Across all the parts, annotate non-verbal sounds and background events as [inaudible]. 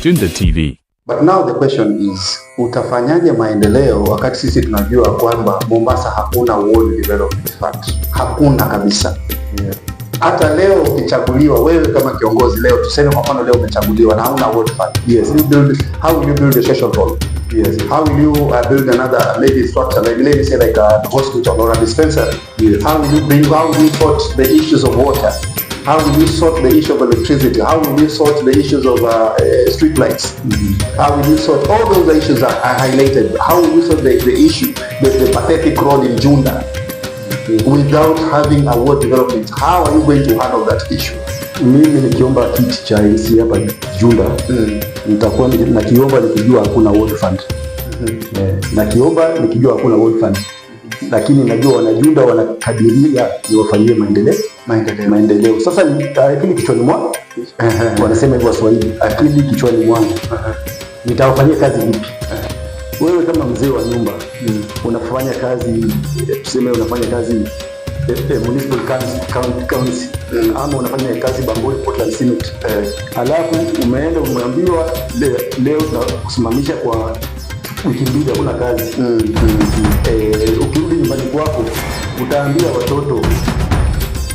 Tunda TV. But now the question is, utafanyaje maendeleo wakati sisi tunajua kwamba Mombasa hakuna World Development Fund. Hakuna kabisa. Yeah. Hata leo ukichaguliwa wewe kama kiongozi leo, tuseme kwa mfano leo umechaguliwa na hauna World Fund. Yes, you build, how will you build a social hall? Yes. How will you uh, build another maybe structure like maybe say like a uh, hospital or a dispensary? Yes. How will you bring how will you sort the issues of water? How will you sort the issue of electricity? How will you sort the issues of uh, eh, street lights? Mm-hmm. How will you sort all those issues that are highlighted? How will you sort the, the issue, the, the pathetic road in Junda, mm-hmm. without having a world development? How are you going to handle that issue? Mimi nikiomba kiti cha IC hapa Junda mm. nitakuwa nakiomba nikijua hakuna world fund mm -hmm. eh, nakiomba nikijua hakuna world fund lakini najua wanajuda wanakadiria niwafanyie maendeleo maendeleo maendeleo. Sasa uh, akili kichwani mwangu, wanasema hivyo Waswahili, akili kichwani mwangu, nitawafanyia kazi vipi? Wewe kama mzee wa nyumba mm. unafanya kazi eh, tuseme, unafanya kazi eh, eh municipal council, council mm. ama unafanya kazi Bamburi Portland Cement alafu umeenda umeambiwa leo kusimamisha kwa wiki mbili hakuna kazi mm. mm, mm. Eh, ukirudi nyumbani kwako utaambia watoto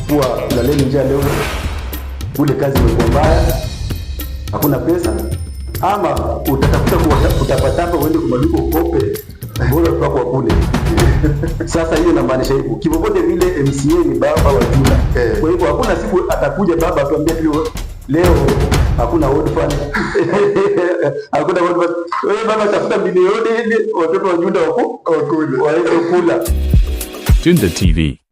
kuwa laleni njia leo, kule kazi imekuwa mbaya, hakuna pesa, ama utatafuta kutapatapa uende kumaduka ukope bora tukakwa kule [laughs] Sasa hiyo inamaanisha hivyo kipopote vile, MCA ni baba wa jumla. Eh. Kwa hivyo hakuna siku atakuja baba atuambia leo hakuna WordPad, ah. [laughs] hakuna WordPad. Wewe bana, tafuta mbinu yote ili watoto wa Junda wako wakule Waende kula. Junda TV.